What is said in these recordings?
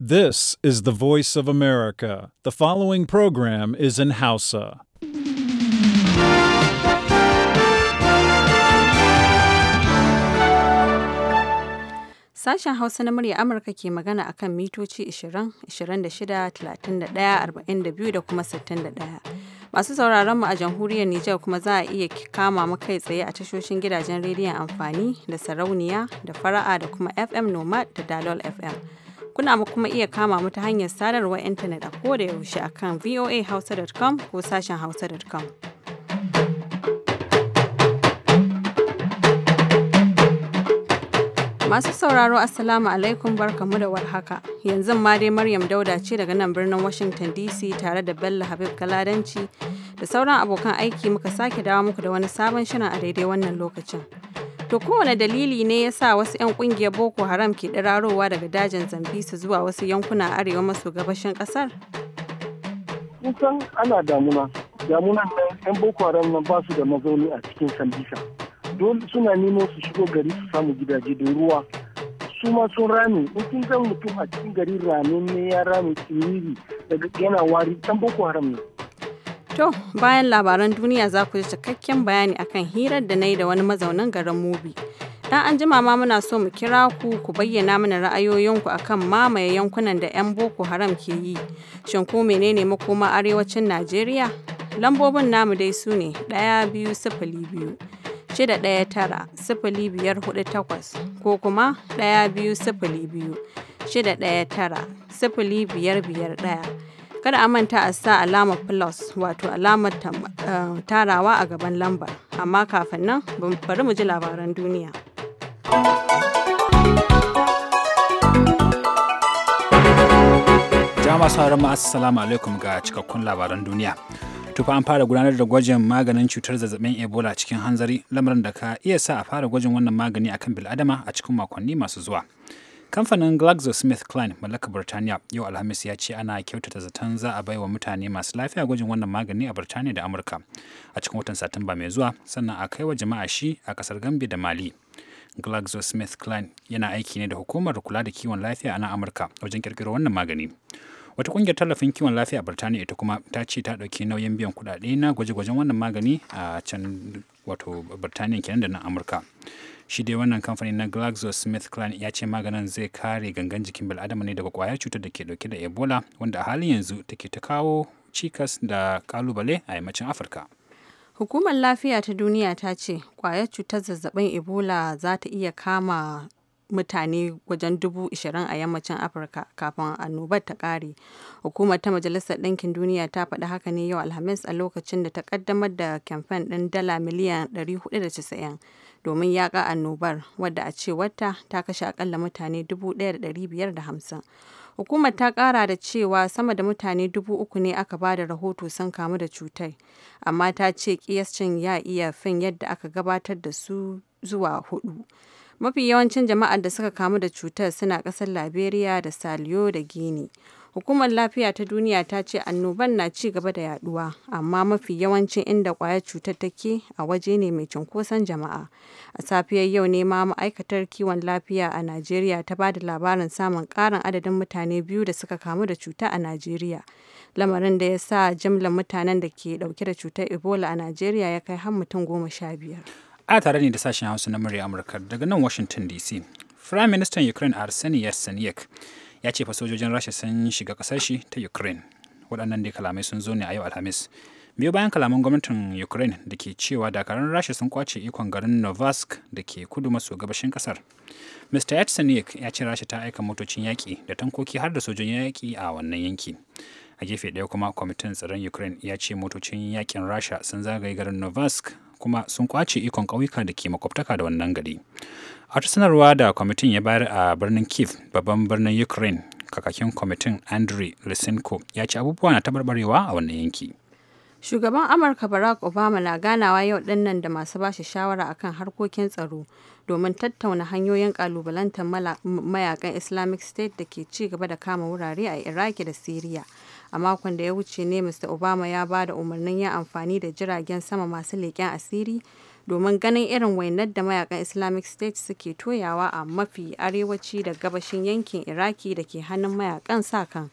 This is the voice of America. The following program is in Hausa. Sashen Hausa na murya Amurka ke magana akan mitoci 20, 26, 31, 42 da kuma 61. Masu sauraron mu a jamhuriyar Nijar kuma za a iya kama mu kai tsaye a tashoshin gidajen rediyon amfani da sarauniya da fara'a da kuma FM Nomad da Dalol FM. Kuna kuma iya kama mu ta hanyar sadarwar intanet a koda yaushe a akan voahausa.com ko sashen hausa.com. Masu sauraro Assalamu alaikum barkamu da warhaka. Yanzu ma dai Maryam Dauda ce daga nan birnin Washington DC tare da Bello Habib Galadanci da sauran abokan aiki muka sake dawo muku da wani sabon shirin a daidai wannan lokacin. To kowane dalili ne ya sa wasu 'yan kungiyar Boko Haram ke ɗirarowa daga dajin Zambisa zuwa wasu yankuna arewa maso gabashin ƙasar? Kusan ana damuna. Damuna nan 'yan Boko Haram nan ba su da mazauni a cikin Zambisa. Dole suna nemo su shigo gari su samu gidaje da ruwa. Su ma sun rame, in kun zan mutum a cikin gari rame ne ya rame tsiriri daga yana wari, ɗan Boko Haram ne. To, bayan labaran duniya za ku ji cikakken bayani akan hirar da na yi da wani mazaunin garin Mubi. Dan an jima ma muna so mu kira ku ku bayyana mana ra'ayoyinku akan mamaye yankunan da 'yan Boko Haram ke yi. Shin ko menene makoma arewacin Najeriya? Lambobin namu dai su ne ɗaya biyu sifili biyu. Shida ɗaya tara sifili biyar hudu takwas ko kuma ɗaya biyu sifili biyu. Shida ɗaya tara sifili biyar biyar ɗaya. Kada a manta a sa alamar plus wato alamar eh, tarawa a gaban lambar. Amma kafin nan bari mu ji labaran duniya. Jama'a sauran assalamu alaikum ga cikakkun labaran duniya. tufa an fara gudanar da gwajin maganin cutar zazzabin ebola cikin hanzari lamarin da ka iya sa a fara gwajin wannan magani akan biladama a cikin makonni masu zuwa kamfanin glaxosmithkline mallakar birtaniya yau alhamis ya ce ana kyautata zaton za a baiwa mutane masu lafiya gwajin wannan magani a birtaniya da amurka a cikin watan satumba mai zuwa sannan a kai wa jama'a shi a kasar gambi da mali glaxosmithkline yana aiki ne da hukumar kula da kiwon lafiya a nan amurka wajen kirkiro wannan magani wata kungiyar tallafin kiwon lafiya a birtaniya ita kuma ta ce ta ɗauki nauyin biyan kuɗaɗe na gwaje-gwajen wannan magani a can wato birtaniya kenan da nan amurka shi dai wannan kamfanin na GlaxoSmithKline ya ce maganin zai kare gangan jikin bil'adama ne daga kwayar cutar da ke dauke da Ebola wanda a halin yanzu take ta kawo cikas da kalubale a yammacin Afirka. Hukumar Lafiya ta Duniya ta ce kwayar cutar zazzabin Ebola za ta iya kama mutane wajen dubu ishirin a yammacin afirka kafin annobar ta kare hukumar ta majalisar ɗinkin duniya ta faɗi haka ne yau alhamis a lokacin da ta ƙaddamar da kamfen ɗin dala miliyan 490 domin yaƙa annobar wadda a cewarta ta kashe akalla mutane 1,550. Hukumar ta ƙara da cewa sama da mutane dubu uku ne aka ba da rahoto sun kamu da cutar, amma ta ce kiyascin ya iya fin yadda aka gabatar da su zuwa hudu. Mafi yawancin jama'ar da suka kamu da cutar suna ƙasar Liberia da Saliyo da Guinea. Hukumar Lafiya ta Duniya ta ce annoban na ci gaba da yaduwa, amma mafi yawancin inda kwayar cutar take a waje ne mai cunkoson jama'a. A safiyar yau ne ma ma'aikatar kiwon lafiya a Najeriya ta ba da labarin samun karin adadin mutane biyu da suka kamu da cuta a Najeriya. Lamarin da ya sa jimlar mutanen da ke dauke da cutar Ebola a Najeriya ya kai har mutum goma sha biyar. A tare ne da sashen Hausa na murya Amurka daga nan Washington DC. Firayim Ministan Ukraine Arseniy Yatsenyuk ya ce fa sojojin rasha sun shiga kasar shi ta ukraine waɗannan dai kalamai sun zo ne a yau alhamis biyu bayan kalaman gwamnatin ukraine da ke cewa dakarun rasha sun kwace ikon garin novask da ke kudu maso gabashin kasar mr yatsenik ya ce rasha ta aika motocin yaƙi da tankoki har da sojojin yaƙi a wannan yanki a gefe ɗaya kuma kwamitin tsaron ukraine ya ce motocin yakin rasha sun zagaye garin novask kuma sun kwace ikon ƙauyuka da ke makwabtaka da wannan gari a sanarwa da kwamitin ya bayar a birnin kiev babban birnin ukraine kakakin kwamitin andrei lysenko ya ci abubuwa na tabarbarewa a wannan yanki shugaban amurka barack obama na ganawa yau dinnan da masu ba shi shawara akan harkokin tsaro domin tattauna hanyoyin kalubalantar mayakan Islamic State da ke ci gaba da kama wurare a Iraki da syria A makon da ya wuce ne Mr. Obama ya ba da umarnin yin amfani da jiragen sama masu leƙen asiri domin ganin irin wainar da mayakan Islamic State suke toyawa a mafi arewaci da gabashin yankin Iraki da ke hannun mayakan sa kan.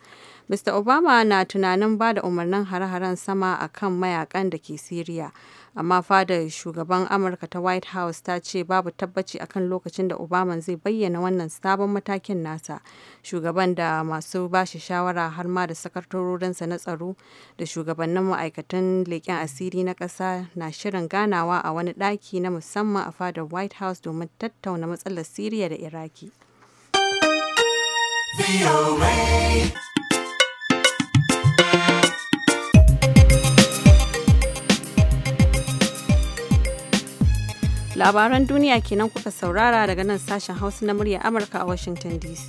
Mr. Obama na tunanin ba da umarnin hare-haren sama a kan mayakan da ke Siriya. Amma fadar shugaban Amurka ta White House ta ce babu tabbaci akan lokacin da Obama zai bayyana wannan sabon matakin nasa. Shugaban da masu bashi shawara har ma da sakatarorinsa na tsaro da shugabannin ma'aikatan leƙen asiri na ƙasa na shirin ganawa a wani ɗaki na musamman a fadar White House domin tattauna matsalar Siriya da Iraki. labaran duniya kenan kuka saurara daga nan sashen hausa na murya amurka a washington dc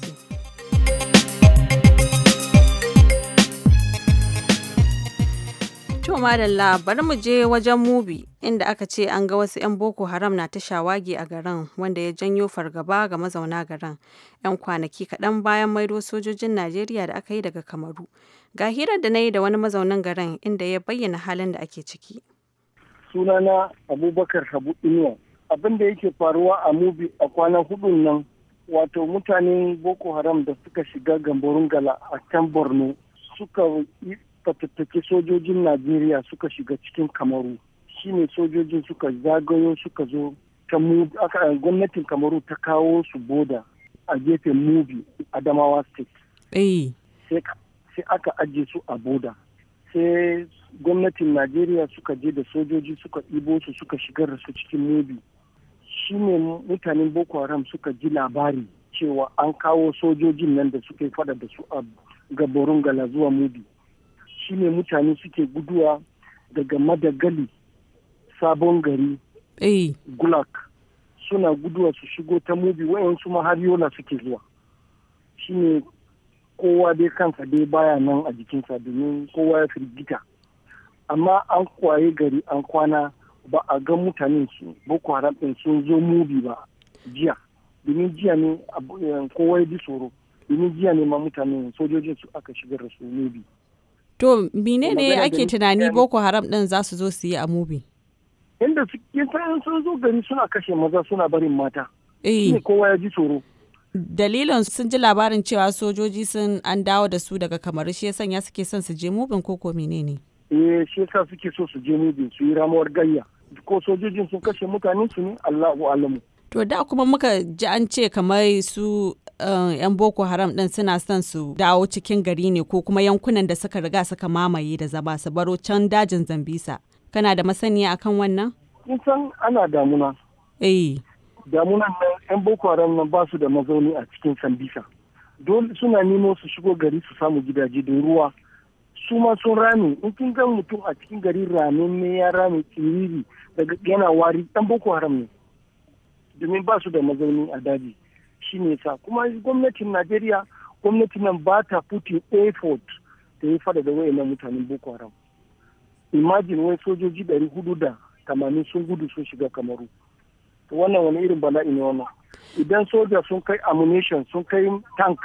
To madalla bari mu je wajen mubi inda aka ce an ga wasu 'yan boko haram na ta shawagi a garin wanda ya janyo fargaba ga mazauna garin 'yan kwanaki kaɗan bayan maido sojojin Najeriya da aka yi daga Kamaru. Ga hirar da na yi da wani mazaunin garin inda ya bayyana halin da ake ciki. Sunana Abubakar Habu Inuwa abin da yake faruwa a mubi a kwanan hudun nan wato mutanen boko haram da suka shiga gambarun gala a can borno suka fatattaki sojojin najeriya suka shiga cikin kamaru shine sojojin suka zagayo suka zo ta gwamnatin kamaru ta kawo su boda a gefen mubi adamawa state eh. sai aka ajiye su a boda sai gwamnatin najeriya suka je da sojoji suka ibo su suka shigar da su cikin mubi Shi ne mutanen boko haram suka ji labari cewa an kawo sojojin nan da suka fada da su a gabarun gala zuwa mubi ne mutane suke guduwa daga madagali sabon gari eh. gulak suna guduwa su shigo ta mubi wayansu ma har yola suke zuwa Shi ne kowa dai kansa dai baya nan a jikinsa domin kowa ya firgita amma an kwaye gari an kwana ba a ga mutanen su boko haram din sun zo mubi ba jiya domin jiya ne eh, kowai ya ji tsoro domin jiya ne ma mutanen sojojin su aka shigar da su mubi to menene ake tunani boko haram din za su zo su yi a mubi inda sun zo gari suna kashe maza suna barin mata eh. ne kowa ya ji tsoro dalilin sun ji labarin cewa sojoji sun an dawo da su daga kamar shi sanya suke son su je mubin koko menene eh shi yasa suke so su je mubin su yi ramuwar gayya ko sojojin sun kashe mutane su ne Allahu alamu. To da kuma muka ji an ce kamar su eh, yan Boko Haram din suna son su dawo cikin gari ne ko kuma yankunan da suka riga suka mamaye da zaba su baro can dajin Zambisa. Kana da masaniya akan wannan? san ana damuna. Eh. Damunan nan yan Boko Haram nan ba su da mazauni a cikin Zambisa. Dole suna nemo su shigo gari su samu gidaje da ruwa su ma sun rame in kin ga mutum a cikin gari rame ne ya rame tsiriri daga yana wari dan boko haram ne domin ba su da mazauni a daji shi ne sa kuma gwamnatin najeriya gwamnatin nan ba ta putin effort da ya fada da wayannan mutanen boko haram imagine wai sojoji ɗari hudu da tamanin sun gudu sun shiga kamaru wannan wani irin bala'i ne wannan idan soja sun kai ammunition sun kai tank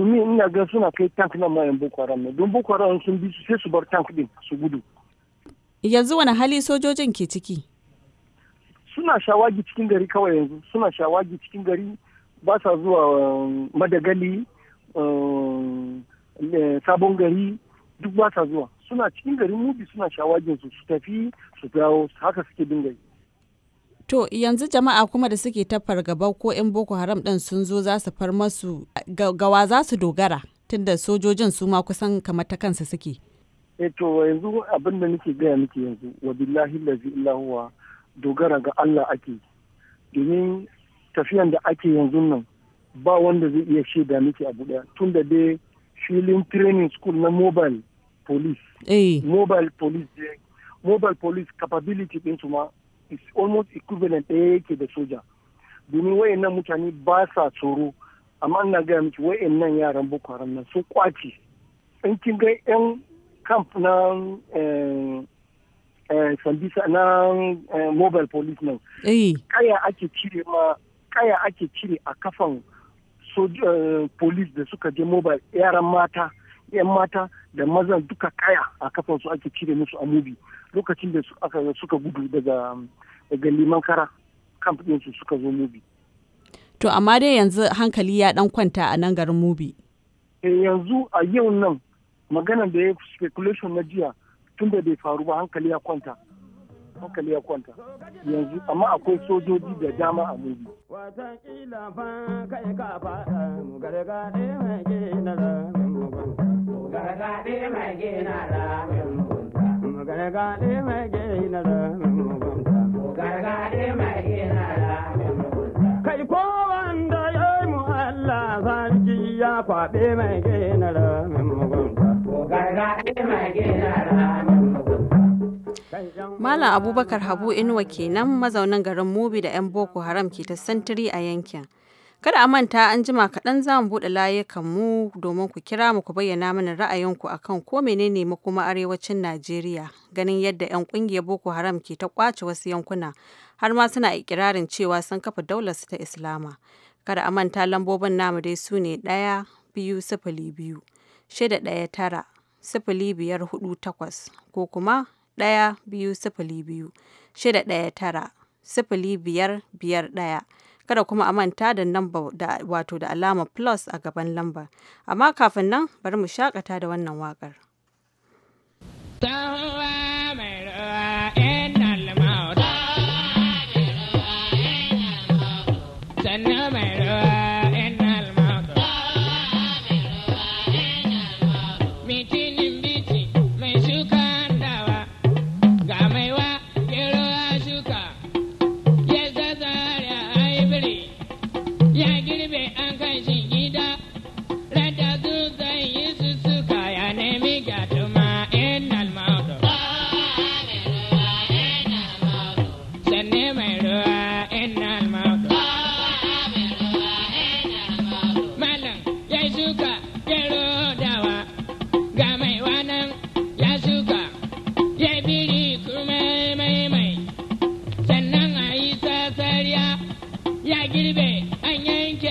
to me ina ga suna kai tank na mayan boko haram ne don boko haram sun bi su sai su bar tank din su gudu yanzu wani hali sojojin ke ciki suna shawagi cikin gari kawai yanzu suna shawagi cikin gari ba sa zuwa um, madagali um, sabon gari duk ba sa zuwa suna cikin gari mubi suna shawagin su su tafi su dawo haka suke dinga yi To yanzu jama'a kuma da suke ta fargaba ko 'yan Boko Haram ɗin sun zo za su far masu gawa za su dogara tunda sojojin su ma kusan kamar ta kansa suke. E to yanzu abin da nake gaya miki yanzu wa billahi lazi illahuwa dogara ga Allah ake domin tafiyan da ake yanzu nan ba wanda zai iya shaida miki abu daya da dai filin training school na mobile police. Eh. Mobile police mobile police capability ɗinsu ma is almost equivalent ɗaya eh, yake da soja domin wayannan mutane ba sa tsoro amma ina gaya miki wayannan yaran boko haram nan sun kwace in kin ga yan camp na eh, eh, sandisa na mobile police nan kaya ake cire ma kaya ake cire a kafan police da suka je mobile yaran mata yan mata da mazan duka kaya a kafan su ake cire musu a mubi lokacin da aka suka gudu daga daga liman kara kamfaninsu suka zo mubi to amma dai yanzu hankali ya dan kwanta a nan garin mubi eh, yanzu a yau nan magana da ya speculation na jiya tunda bai faru ba hankali ya kwanta hankali ya kwanta yanzu amma akwai sojoji da dama a mubi Gargaɗe mai gina da gargaɗe mai da Kai ko wanda ya yi mu ya kwaɓe mai da mugunta. Malam Abubakar Habu Inuwa kenan mazaunin garin Mubi da 'yan Boko Haram ke ta Sentiri a yankin. Kada a manta an jima kaɗan za mu buɗe mu domin ku kira mu ku bayyana mana ra'ayinku akan ko menene makoma arewacin Najeriya ganin yadda 'yan ƙungiyar Boko Haram ke ta ƙwace wasu yankuna har ma suna ikirarin cewa sun kafa daular su ta Islama. Kada a manta lambobin namu dai su ne ɗaya biyu sifili biyu shida ɗaya tara sifili biyar hudu takwas ko kuma ɗaya biyu sifili biyu shida ɗaya tara sifili biyar biyar ɗaya. Kada kuma a manta da number da wato da alama plus a gaban lamba Amma kafin nan bari mu shakata da wannan waƙar. bɛ an y'an cɛ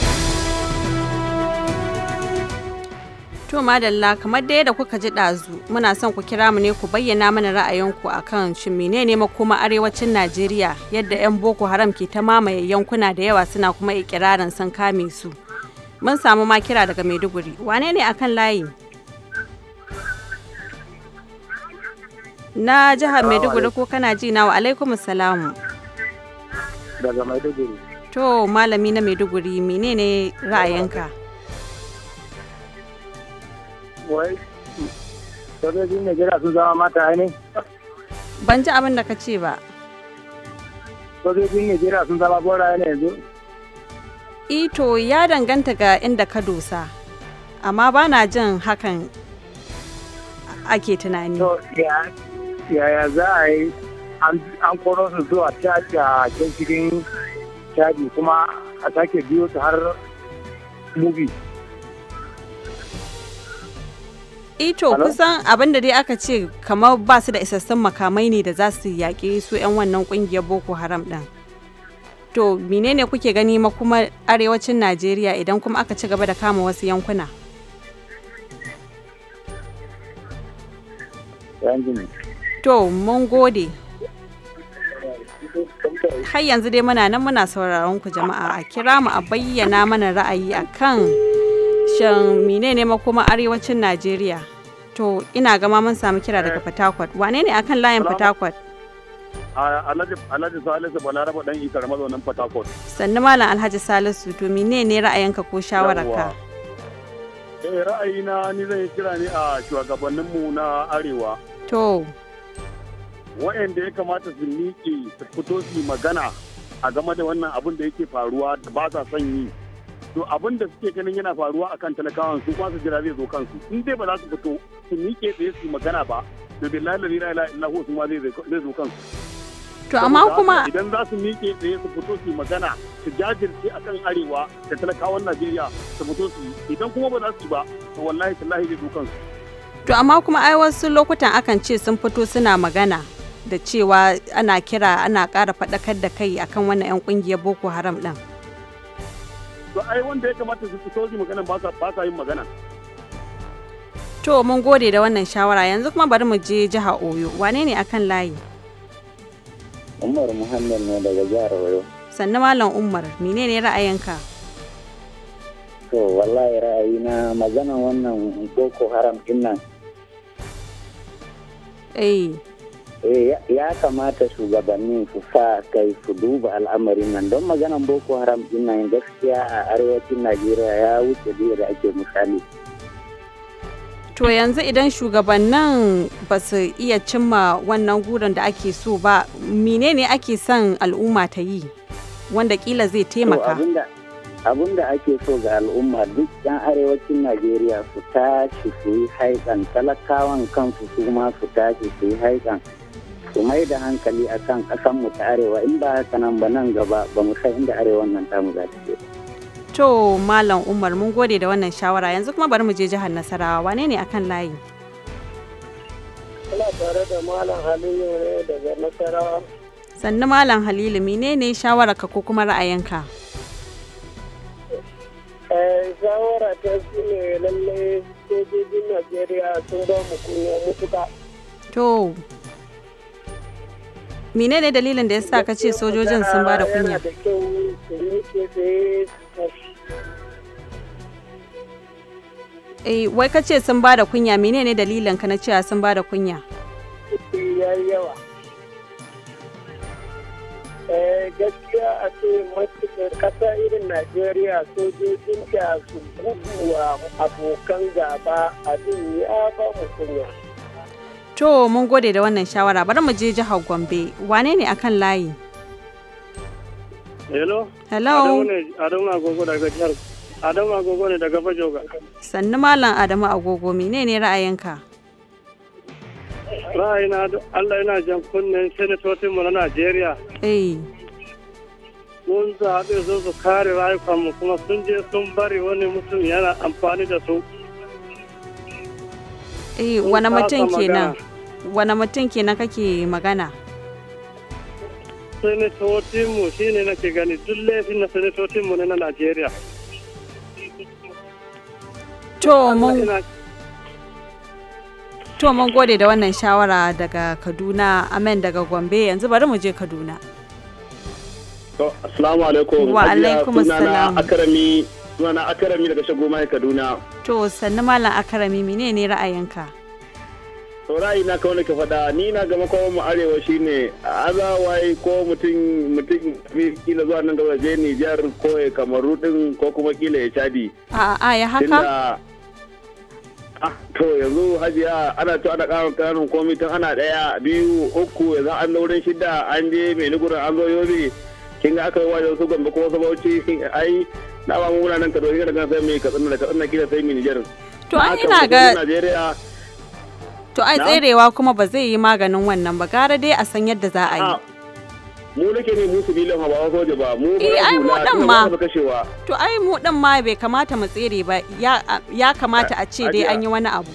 To madalla kamar da kuka ji ɗazu muna son ku kira mu ne ku bayyana mana ra'ayinku akan shin menene makoma arewacin Najeriya yadda 'yan Boko Haram ke ta mamaye yankuna da yawa suna kuma ikirarin sun kame su. Mun samu ma kira daga Maiduguri. Wane ne akan layi? Na jihar Maiduguri ko kana ji na wa alaikum salamu. Daga Maiduguri. To malami na Maiduguri menene ra'ayinka? wai sojojin Najeriya sun zama mata ainihin. Ban ji abin da ka ce ba. Sojojin Najeriya sun zama bora ne yanzu. Ito e, ya danganta ga inda ka dosa, amma ba na jin hakan ake tunani. Yaya za a yi an koro su zuwa caji a can cikin caji kuma a sake biyo su har mubi. ito eh kusan abinda dai aka ce kamar ba su da isassun makamai ne da za su yaƙi su 'yan wannan ƙungiyar boko haram ɗin to menene kuke gani ma kuma arewacin najeriya idan kuma aka ci gaba da kama wasu yankuna to mun gode har yanzu dai muna nan muna sauraron ku jama'a a kira mu a bayyana mana ra'ayi akan shan menene kuma arewacin najeriya to ina gama mun samu kira daga Fatakwat. Eh. Wane ne akan layin Fatakwat? Alhaji Salisu Balaraba dan Ikar mazaunin Fatakwat. Sannu Malam Alhaji Salisu to mene ne ra'ayinka ko shawararka? Eh ra'ayina ni zan kira ne a mu na Arewa. To. Wa'anda ya kamata su miƙe su fito su magana a game da wannan abin da yake faruwa da ba sa son yi. to abin da suke ganin yana faruwa akan talakawan su kuma su jira zai zo kansu in dai ba za su fito su miƙe tsaye su magana ba to billahi la ilaha illa hu su ma zai zo kansu to amma kuma idan za su miƙe tsaye su fito su magana su jajirce akan arewa da talakawan Najeriya su fito su idan kuma ba za su ba to wallahi tallahi zai zo kansu to amma kuma ai wasu lokutan akan ce sun fito suna magana da cewa ana kira ana ƙara faɗakar da kai akan wannan 'yan ƙungiyar boko haram ɗin. to ai wanda ya kamata su fito su magana ba sa yin magana to mun gode da wannan shawara yanzu kuma bari mu je jiha oyo wane ne akan layi umar muhammad ne daga jihar oyo sannu malam umar menene ra'ayinka to wallahi ra'ayi na magana wannan boko haram din nan eh Eh, ya kamata shugabannin su sa kai su duba al'amarin nan don maganan boko haram din nan gaskiya a arewacin najeriya ya wuce biyu da ake misali to yanzu idan shugabannin ba su iya cimma wannan gurin da ake so ba menene ake son al'umma ta yi wanda kila zai taimaka abin da ake so ga al'umma duk yan arewacin najeriya su tashi su yi haikan talakawan kansu su ma su tashi su yi haikan su mai da hankali a kasan mu ta arewa in ba haka nan ba nan gaba ba mu san inda arewa nan ta za ta je to malam umar mun gode da wannan shawara yanzu kuma bari mu je jihar nasarawa wane ne akan layi ina tare da malam halilu ne daga nasarawa sannu malam halilu menene shawararka ko kuma ra'ayinka eh, shawara ta shi ne lallai sojojin najeriya sun ba mu kunya mutuka to mene ne dalilin da ya sa ka ce sojojin sun ba da kunya eh, wai ka ce sun ba da kunya mene ne dalilin ka na cewa sun ba da kunya eh, gaskiya a ce matuƙar ƙasa irin najeriya sojojin ta su gudu wa abokan gaba abin ya ba mu kunya To mun gode da wannan shawara bari mu je jihar Gombe. Wane ne akan layi? Hello. Hello. Adamu Agogo daga jihar Adamu Agogo ne daga Fajoga. Sannu Malam Adamu Agogo ne ra'ayinka? Ra'ayina Allah yana jan kunnen senatocin mu na Najeriya. Eh. Mun zaɓe su su kare rayukanmu kuma sun je sun bari wani mutum yana amfani da su. Eh, wani mutum kenan? wani mutum kenan kake magana mu shi ne nake gani duk laifin na sanatocinmu na najeriya to mun gode da wannan shawara daga kaduna amen daga gombe yanzu bari mu je kaduna assalamu alaikum wa alaikum assalam akarami sunana akarami daga shago mai kaduna to sannu malam akarami menene ra'ayinka saurayi na kawai ka faɗa ni na gama kawo mu arewa shi shine azawai ko mutum mutum kila zuwa nan gaba je Nijar ko ya kamaru din ko kuma kila ya cadi. A a ya haka? Ah, to yanzu hajiya ana to ana ƙara ƙarin komi tun ana ɗaya biyu uku yanzu an daurin shida an je maiduguri an zo yobe kin ga aka yi wajen su gamba ko wasu bauchi ai na ba mu nan kaduna ga sai mai katsina da katsina kila sai mai nijar. To an yi na ga. Najeriya To ai tserewa kuma ba zai yi maganin wannan ba gara dai a san yadda za a yi. Ah, mu nake ne mu su bilan ba waje ba mu eh, ba ai mu dan ma. To ai mu dan ma bai kamata mu tsere ba ya kamata eh, a ce dai an yi wani abu.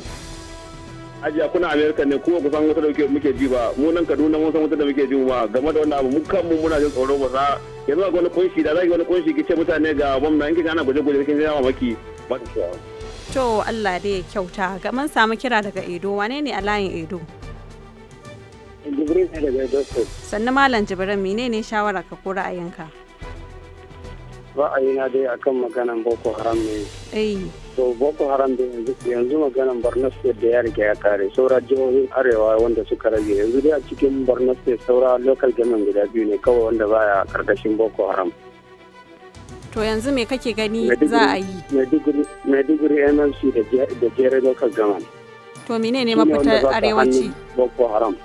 ajiya kuna amerika ne kuma kusan wata da muke ji ba mu nan kaduna mun san wata da muke ji ba game da wannan abu mu kan mu muna jin tsoro ba za yanzu ga wani kunshi da za ki wani kunshi kice mutane ga bom na in kika ana guje guje kin jawo maki ba ta To Allah dai ya kyauta ga mun samu kira daga Edo wane ne a layin Edo? Jibirin ne daga Edo Sannu Malam mine menene shawara ka ko ra'ayinka? Ra'ayina dai akan maganan Boko Haram ne. Eh. To Boko Haram da yanzu yanzu maganan Borno State da ya riga ya kare saura jihohin Arewa wanda suka rage yanzu dai a cikin Borno State saura local government guda biyu ne kawai wanda baya karkashin Boko Haram. to yanzu me kake gani za a yi maiduguri MMC da jere local government to mine ne mafita arewaci boko haram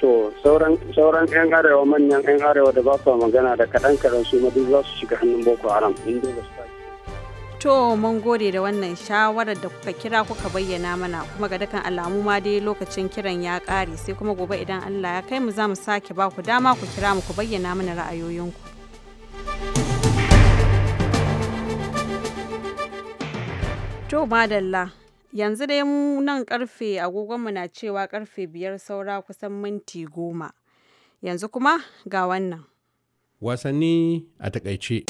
to sauran yan arewa manyan yan arewa da ba su magana da kaɗan kaɗan su duk za su shiga hannun boko haram in da su to mun gode da wannan shawarar da kuka kira kuka bayyana mana kuma ga dukan alamu ma dai lokacin kiran ya ƙare sai kuma gobe idan allah ya kai mu za mu sake ba ku dama ku kira mu ku bayyana mana ra'ayoyinku To madalla yanzu dai mu nan karfe agogonmu na cewa karfe biyar saura kusan minti goma. Yanzu kuma ga wannan. Wasanni a takaice.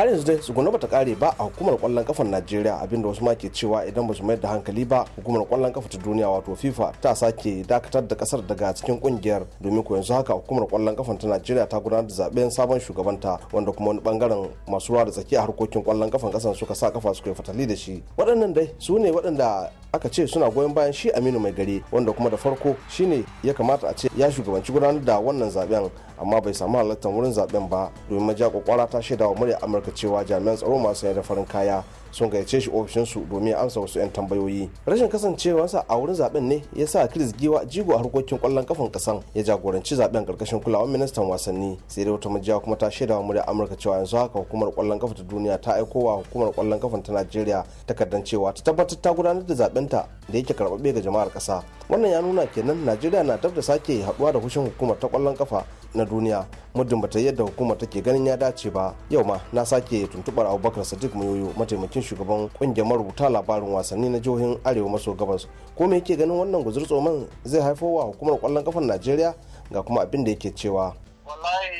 har yanzu dai tsuguna bata kare ba a hukumar kwallon kafar najeriya abinda wasu ma ke cewa idan ba su mayar da hankali ba hukumar kwallon kafa ta duniya wato fifa ta sake dakatar da kasar daga cikin kungiyar domin ko yanzu haka hukumar kwallon kafa ta najeriya ta gudanar da zaben sabon shugabanta wanda kuma wani bangaren masu ruwa da tsaki a harkokin kwallon kafan kasan suka sa kafa suka yi fatali da shi waɗannan dai su ne waɗanda aka ce suna goyon bayan shi aminu mai gari wanda kuma da farko shine ya kamata a ce ya shugabanci gudanar da wannan zaben amma bai samu halartar wurin zaben ba domin maja kwakwara ta shaida wa murya amurka cewa jami'an tsaro masu yada farin kaya sun gayyace shi ofishinsu domin amsa wasu 'yan tambayoyi rashin kasancewarsa a wurin zaben ne ya sa chris giwa jigo a harkokin kwallon kafan kasan ya jagoranci zaben karkashin kulawar ministan wasanni sai dai wata majiya kuma ta shaida wa murya amurka cewa yanzu haka hukumar kwallon kafa ta duniya ta aiko wa hukumar kwallon kafan ta najeriya takardar cewa ta tabbatar ta gudanar da zaben ta da yake karbabbe ga jama'ar kasa wannan ya nuna kenan najeriya na dab da sake haduwa da hushin hukumar ta kwallon kafa na duniya muddin bata yadda hukumar take ganin ya dace ba yau ma na sake tuntubar abubakar sadiq muyoyo mataimakin shugaban kungiyar marubuta labarin wasanni na jihohin arewa maso gabas ko me yake ganin wannan guzur tsoman zai haifo wa hukumar kwallon kafar najeriya ga kuma abin da yake cewa wallahi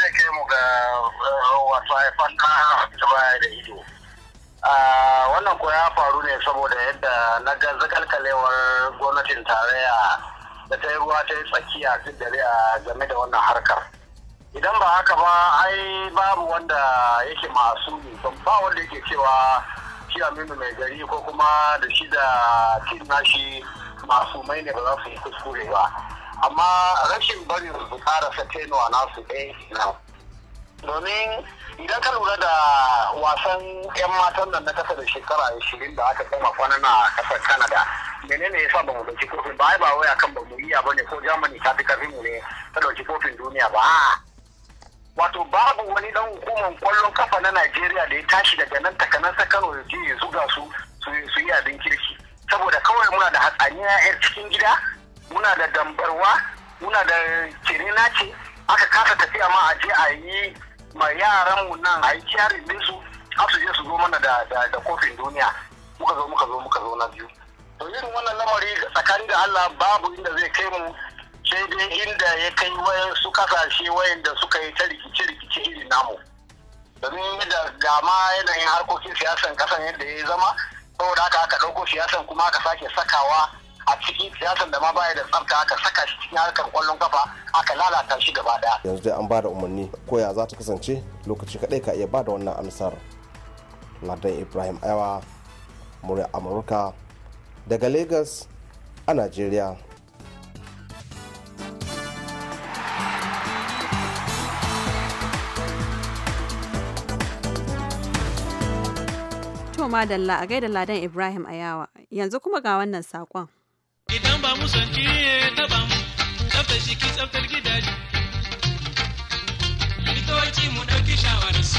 zai kai mu ga eh, wasu ta baya da ido ah, wannan ko ya faru ne saboda yadda na ga zakalkalewar gwamnatin tarayya da ta yi ruwa ta yi tsakiya duk a game da wannan harkar idan ba haka ba ai babu wanda yake masu ba wanda yake cewa shi aminu mai gari ko kuma da shi da tim nashi masu mai ne ba za su yi kuskure ba amma rashin barin su karasa tenuwa nasu ɗaya domin idan ka lura da wasan 'yan matan nan na kasa da shekara ashirin da aka kama kwanan na kasar canada menene ya sa ba mu dauki kofin ba ba wai akan ba mu iya bane ko germany ta fi karfin mu ne ta dauki kofin duniya ba wato babu wani dan hukumar kwallon kafa na najeriya da ya tashi daga nan ta kano ya je ya zuga su su yi abin kirki saboda kawai muna da hatsaniya yar cikin gida muna da dambarwa muna da kirina ce aka kasa tafiya ma a je a yi ma yaran mu nan a yi kyari din su har su je su zo mana da kofin duniya muka zo muka zo muka zo na biyu to irin wannan lamari tsakanin da Allah babu inda zai kai mu sai dai inda ya kai wayan su kasashe wayan da suka yi ta rikici rikici irin namu domin yadda ga ma yanayin harkokin siyasan kasan yadda ya zama saboda haka aka ɗauko siyasan kuma aka sake sakawa a cikin siyasan da ma baya da tsarka aka saka shi cikin harkar kwallon kafa aka lalata shi gaba daya yanzu dai an ba da umarni koya za ta kasance lokaci kadai ka iya ba da wannan amsar ladan ibrahim aiwa murya amurka daga lagos a najeriya To madalla a gaida ladan Ibrahim Ayawa yanzu kuma ga wannan sakon Idan ba mu ta ba tsaftar jiki tsaftar gidaje. Likitoci mu ɗauki shawararsu.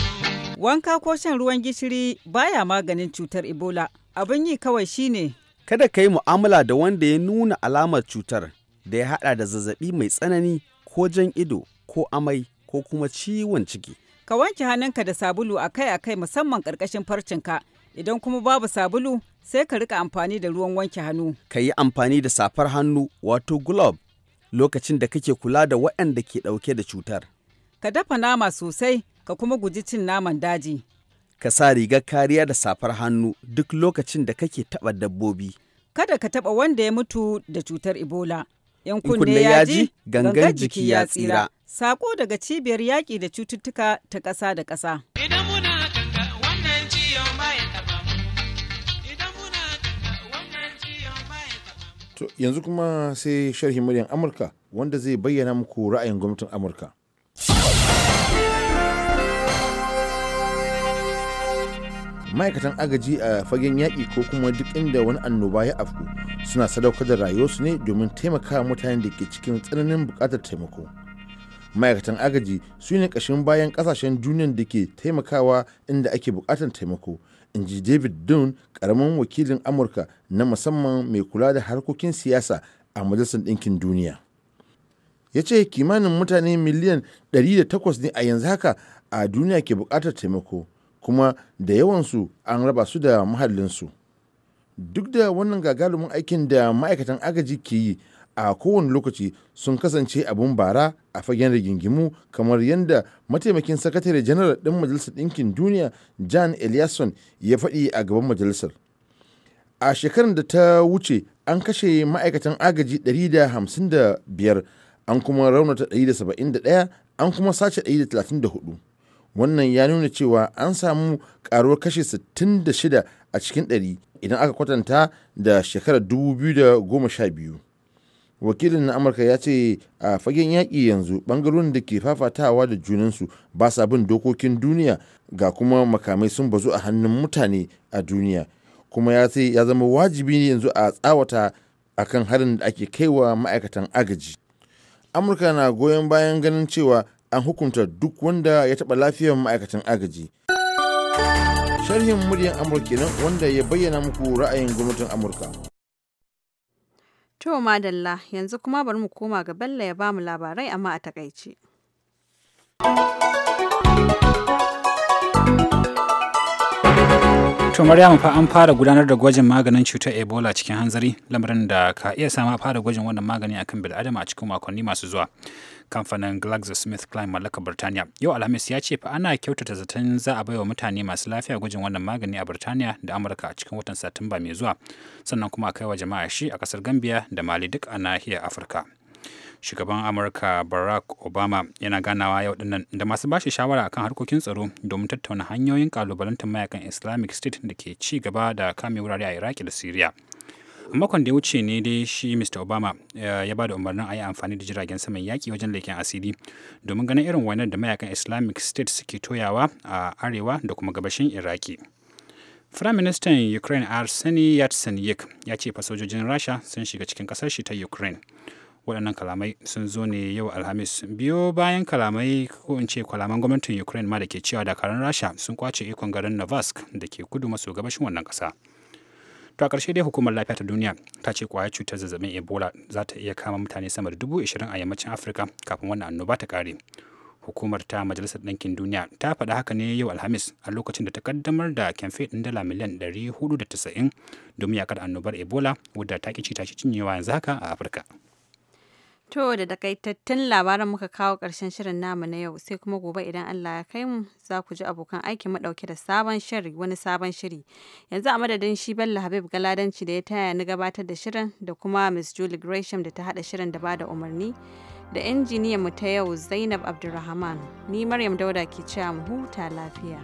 Wanka ko shan ruwan gishiri baya maganin cutar Ebola. Abin yi kawai shine. Kada ka yi mu'amala da wanda ya nuna alamar cutar da ya haɗa da zazzaɓi mai tsanani ko jan ido ko amai ko kuma ciwon ciki. Ka wanke hannunka da sabulu akai-akai musamman ƙarƙashin farcinka. Idan kuma babu sabulu sai ka rika amfani da ruwan wanke hannu. Ka yi amfani da safar hannu wato glove lokacin da kake kula da waɗanda ke ɗauke da cutar. Ka dafa nama sosai ka kuma guji cin naman daji. Ka sa rigar kariya da safar hannu duk lokacin da kake taɓa dabbobi. Kada ka taɓa wanda ya mutu da cutar Ebola. In kunne ya ji, gangan jiki ya tsira. Sako daga cibiyar yaƙi da cututtuka ta ƙasa da ƙasa. To yanzu kuma sai sharhin muryar Amurka wanda zai bayyana muku ra'ayin gwamnatin Amurka. ma'aikatan agaji a fagen yaƙi ko kuma duk inda wani annoba ya afku suna sadaukar da rayuwarsu ne domin taimaka mutanen da ke cikin tsananin buƙatar taimako ma'aikatan agaji su ne ƙashin bayan ƙasashen duniyar da ke taimakawa inda ake buƙatar taimako in ji david dunn karamin wakilin amurka na musamman mai kula da harkokin siyasa a majalisar ɗinkin duniya ya ce kimanin mutane miliyan 108 ne a yanzu haka a duniya ke buƙatar taimako kuma da yawansu an raba su da mahallinsu duk da wannan gagarumin aikin da ma'aikatan agaji ke yi a kowane lokaci sun kasance abun bara a fagen rigingimu kamar yadda mataimakin sakatare janar ɗin majalisar ɗinkin duniya jan eliasson ya faɗi a gaban majalisar a shekarar da ta wuce an kashe ma'aikatan agaji 155 an kuma raunata 171 an kuma sace 134 wannan ya nuna cewa an samu karuwar kashe 66 a cikin 100 idan aka kwatanta da shekarar 2012 wakilin na amurka ya ce a fagen yaƙi yanzu ɓangarorin da ke fafatawa da junansu ba sa bin dokokin duniya ga kuma makamai sun bazu a hannun mutane a duniya kuma ya ce ya zama wajibi ne yanzu a tsawata a kan harin da ake kaiwa ma'aikatan agaji amurka na goyon bayan ganin cewa an hukunta duk wanda ya taɓa lafiyar ma'aikatan agaji sharhin muryar amurka wanda ya bayyana muku ra'ayin gwamnatin amurka To madalla yanzu kuma bari mu koma ga Bello ya bamu labarai amma a takaice. To Maryam fa an fara gudanar da gwajin maganin cutar Ebola cikin hanzari lamarin da ka iya sama fara gwajin wannan magani a kan bil'adama a cikin makonni masu zuwa. Kamfanin GlaxoSmithKline mallakar Birtaniya yau Alhamis ya ce fa ana kyautata zaton za a baiwa mutane masu lafiya gwajin wannan magani a Birtaniya da Amurka a cikin watan Satumba mai zuwa sannan kuma a kai wa jama'a shi a kasar Gambia da Mali duk a nahiyar Afirka. shugaban amurka barack obama yana ganawa yau dinnan da masu bashi shawara akan harkokin tsaro domin tattauna hanyoyin kalubalantar mayakan islamic state da ke ci gaba da kame wurare a iraki da syria makon da ya wuce ne dai shi mr obama eh, ya ba da umarnin a yi amfani da jiragen saman yaƙi wajen leken asiri domin ganin irin wainar da mayakan islamic state suke toyawa a arewa da kuma gabashin iraki Firaministan Ukraine Arseniy Yatsenyuk ya ce fasojojin Rasha sun shiga cikin ƙasar shi ta Ukraine. waɗannan kalamai sun zo ne yau alhamis biyo bayan kalamai ko in ce kalaman gwamnatin ukraine ma da ke cewa dakarun rasha sun kwace ikon garin navask da ke kudu maso gabashin wannan ƙasa to a ƙarshe dai hukumar lafiya ta duniya ta ce kwayar cutar zazzabin ebola za ta iya kama mutane sama da dubu ashirin a yammacin afirka kafin wannan annoba ta ƙare hukumar ta majalisar ɗinkin duniya ta faɗa haka ne yau alhamis a lokacin da ta kaddamar da kyamfe ɗin dala miliyan 490 domin yakar annobar ebola wadda ta ƙi ci ta cinyewa yanzu haka a afirka To da takaitattun labaran muka kawo ƙarshen shirin namu na yau sai kuma gobe idan Allah ya kai mu za ku ji abokan aiki mu dauke da sabon shiri wani sabon shiri. Yanzu a madadin shi Bello Habib Galadanci da ya taya ni gabatar da shirin da kuma Miss Julie Gresham da ta haɗa shirin da bada umarni da injiniyan mu ta yau Zainab Abdulrahman. Ni Maryam Dauda ke cewa mu huta lafiya.